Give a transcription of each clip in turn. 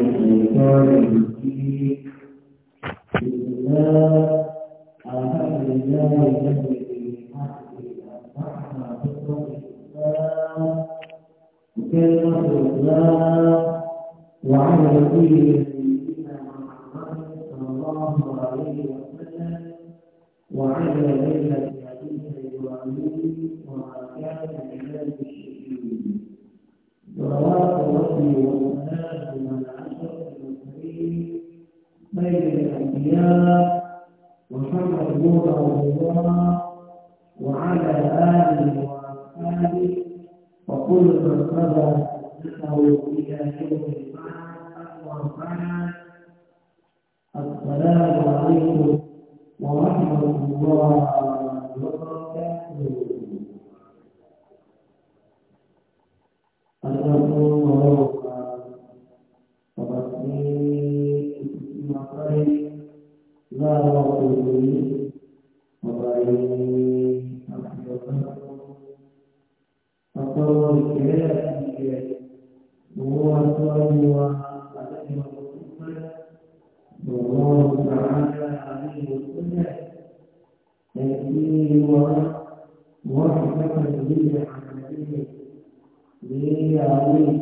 الشيطان الرجيم بسم الله الحمد لله الذي بحق أصبحنا فكرة الإسلام وكلمة الله وعلى نبيه سيدنا محمد صلى الله عليه وسلم وعلى ملة أبيه إبراهيم الله وحفظ الله وعلى آله وأصحابه وكل من قضى نفسه إلى يوم البعث السلام عليكم ورحمة الله وحدة بالعملية ليعلم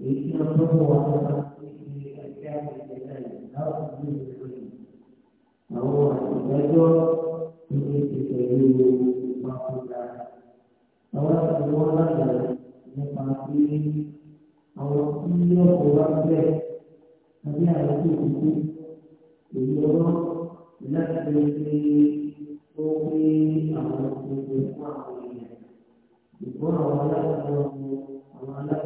يجب أن تقوى الأحكام الجزائية أو وهو التجر في تجربه مقصودا سواء كان مقاتل أو كل قرابة فبها يكون يجب لكن أوقي أو أوقي أوقي يكون ولا أوقي ولا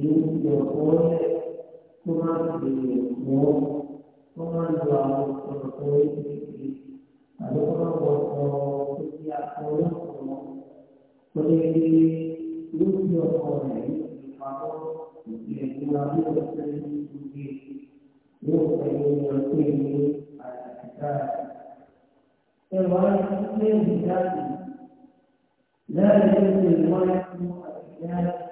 use your own command the move, command the authority, and the command of the authority. So they use your own the power to be a human person to be you and your family and God. And why is it that لا يجوز للمرء أن يجاهد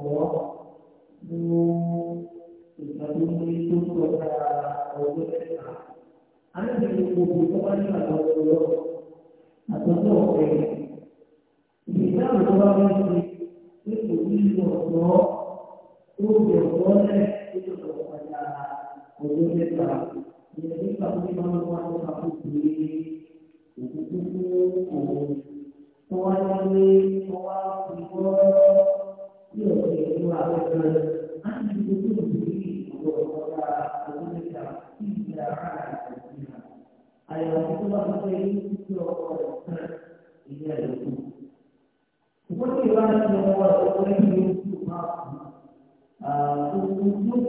kọ́ ní tuntun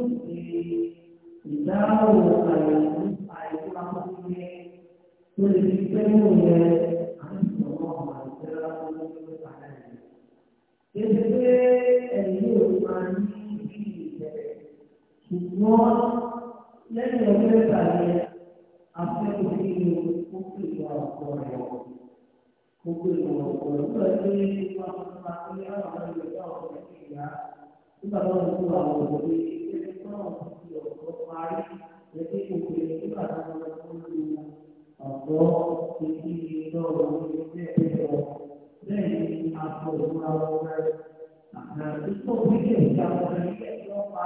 nígbà tó ń kúrò àwọn òbí ẹgbẹ́ náà ti ọ̀pọ̀ parí lẹ́sẹ̀ òkèèrè nígbà tó ń lọ fún un ọ̀pọ̀ ìdí lọ́rọ̀ ní bẹ́ẹ̀ lọ bẹ́ẹ̀ ni àpò ìmúra wọn rẹ̀ àgbà tó tó ìjà wọn rẹ̀ lẹ́sẹ̀ ọ̀pá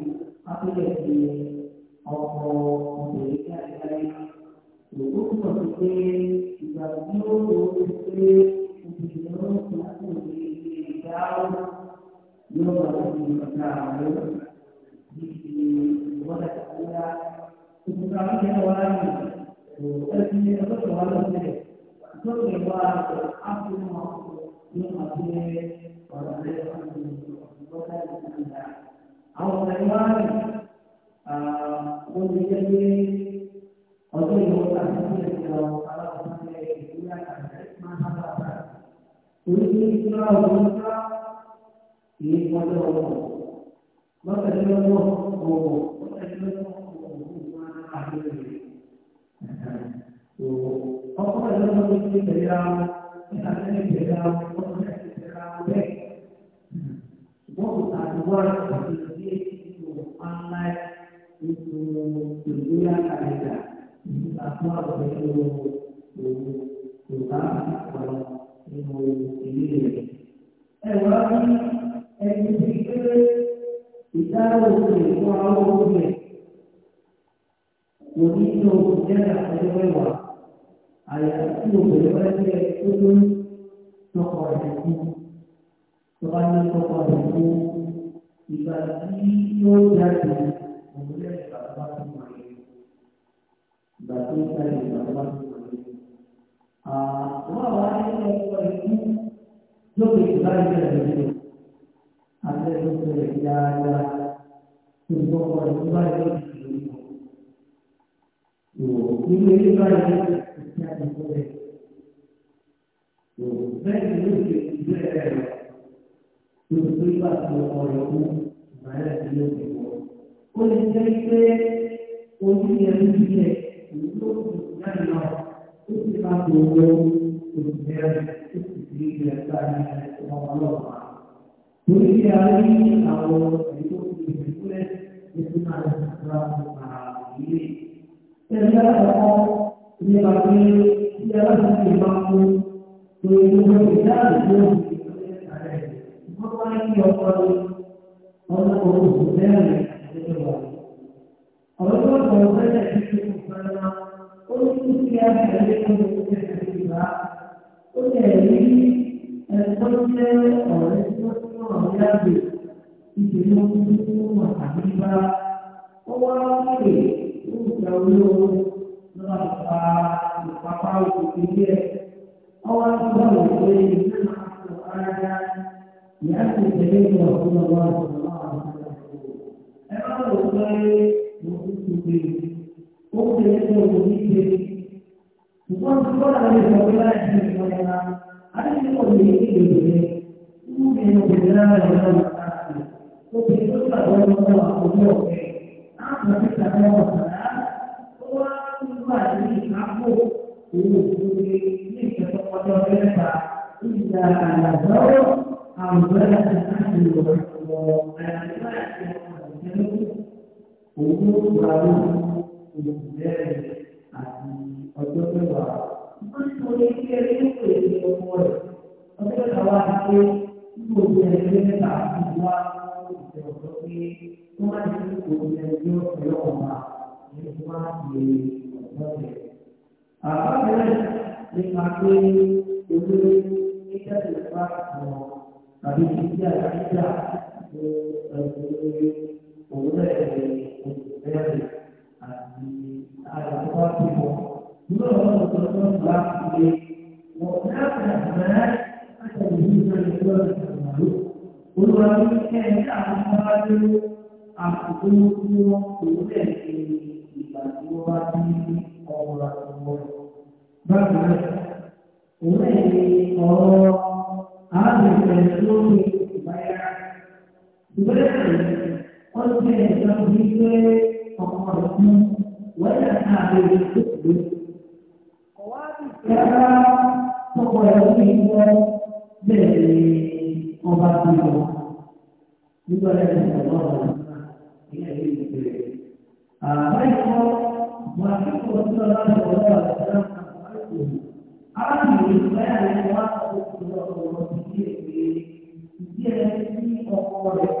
apabila di orang memberikan dari Lalu seperti jika dia berkata Mungkin aku diri kau Dia berkata kau Di wala kata Sementara dia orang Tapi dia berkata orang Itu lewat Aku mau Dia berkata Orang lain Orang lain àwọn taiwan wọ́n ti jẹ́ pé ọjọ́ ìwọ́n tàbí ìpínlẹ̀ ìjọ alákọ̀ọ́sílẹ̀ ìpínlẹ̀ àgbẹ̀ máa ń sábà bá orí ní ìtura ọdún ká kìí pọ́jọ́ ọmọ lọ́sẹ̀dẹ́lọ́gbọ̀n ọmọ lọ́sẹ̀dẹ́lọ́gbọ̀n ọmọ òkú máa ń pàdé rẹ̀ ọkọ̀ ìlọ́gbọ̀n tó ti tẹ̀lé ara ìtàkùn ìtẹ̀lé ara ọkọ̀ ìtẹ̀lé ara bẹ́ẹ̀ ṣùgbọ́n kò tà itu berbulan ada apa itu bukan kalau itu ini eh orang ini itu kita harus tahu ini Bonito ya de nuevo ayat itu berarti itu tokoh itu Tuhan tokoh itu ibarat itu jadi boleh dapat mengenai batu saya dapat mengenai ah orang lain yang itu lebih baik dari itu ada yang berbeda ada untuk orang baik itu ini lebih baik dari itu Bẹ́ẹ̀ni ló ṣe ìgbé ẹ̀rọ tó gbé bá ti ọkọ̀ rẹ̀ kú, ìgbà yẹn ti ló ṣe. ó lè jẹ́ pé orí ẹni yẹ èyí tó kù lẹ́yìn náà ó sì máa tó owó òṣìṣẹ́ ó sì fi ilẹ̀ sáré ọmọ ọlọ́pàá. Lórí bí a rí àwọn ẹ̀yìn tó kù ìgbésílẹ̀ ní sí máa ń ra àìyé. Ẹgbẹ́ ọ̀pọ̀ ní a pé tí aláṣẹ ìgbà mú lórí gbogbo ìdáàbò tó ń fi ìgbésílẹ̀ sáré. Wọ́n wá ní ọkọ̀ ọmọ òṣìṣẹ́ rẹ̀. وولد فيكم فرما قلت يا حبيب الكتاب وتالي القلب والاسمه واليد يجنون وحبيبا وواقعي وجولون نرفع نقطع كثير أول مرة يجب أن القرآن لأن النبي رسول الله صلى الله عليه وسلم أمر الله 我们这些做生意的，不管是多大的生意来，还是什么还是做生意的，我们这些做生意的，我们这些做生意的，我们这些做生意的，我们这些做生意的，我们这些做生意的，我们这些做生意的，我们这些做生意的，我们这些做生意的，我们这些做生意的，我们这些做生意的，我们这些做生意的，òun ó gbà ló kò bẹ̀rẹ̀ àti ọjọ́ mẹ́wàá. wọ́n ti sọ èyí ẹni tó pè é ọmọ rẹ̀ ọjọ́ mẹ́ta wá ní pé nínú òbí ẹni mẹ́ta àti wá ìṣẹ̀ ọ̀dọ́ pé wọ́n má ti ní òbí ẹni tó pè é ní wọ́n á ti ọ̀dọ́ rẹ̀. àbábẹ́rẹ́ nípa pé ewé nígbà tó bá sọ̀rọ̀ tàbí ìdí àyíká ẹ̀rọ ẹ̀rọ òun náà ẹ̀rẹ̀ àti àyàfọ́ ti mọ̀. ọ̀rọ̀ tó tó ń bá ilé, wọ́n náà kà máa láti ìlú ìgbàlẹ̀ tó ń bá Olúwa ní ẹni àwọn bá lé àkókò tí wọ́n kò lẹ̀ ṣe ìgbà tí wọ́n bá bí ọmọ àtọmọ. Bákan náà, òun náà ní ọ̀rọ̀ àbẹ̀fẹ̀ tó ń bá yára. yìí pwant mwen konше nan sliveswe loun spo wè la te n ka wel chse mwen re mo fou ta la pou kwallot mwen kwen kwen jen SI mwen wè lan nan wak pou�� kwen chi ki se se si kon kwen loun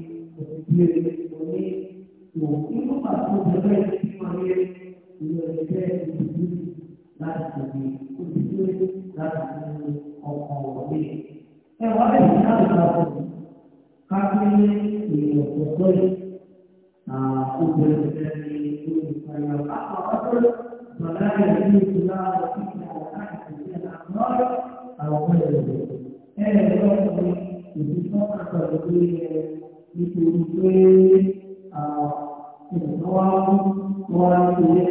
حق رجل ولا يجوز لا وكيل على احد من الاعمار او غيره. هذا يقول بصفقه بكل النواب وكل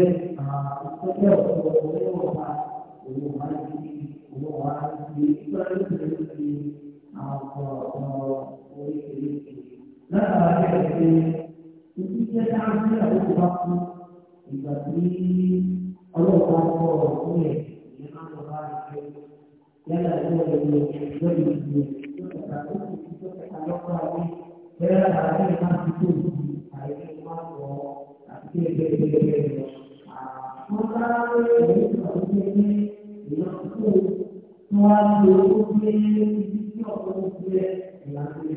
لا يعرف ان يتعامل له ìgbà tí ọlọ́pàá kọ ọ̀hún ẹ̀ ìyẹn máa bá rẹ̀ fẹ́ yálà ìjọ ìlú ìjọ ìlú ìjọ ìta tó ti fi tó kẹta lọ́kọ́ ayé bẹ́ẹ̀ àti ẹ̀ máa ti tó ìlú àìní máa lọ àti ẹgbẹ́ ẹgbẹ́ ẹgbẹ́ lọ. bá rẹ̀ ní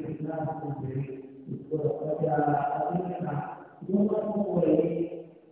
ìpàdé ní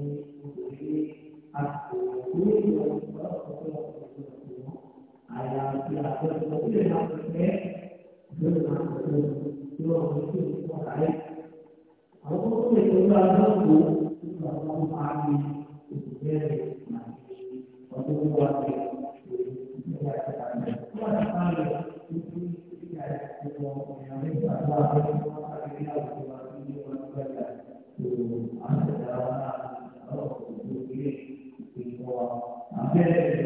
哎呀，现在我最想的是，就是想就是希望回去发财。好多东西都要辛苦，都要靠打拼，有些东西，好多东西，有些东西，当然，当然，有些东西，比如说，你要能买到。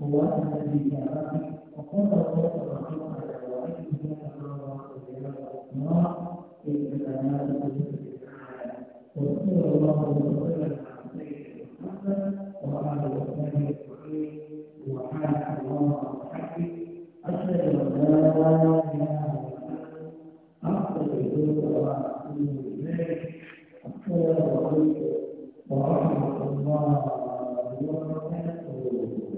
الله هو الذي جعلكم وقال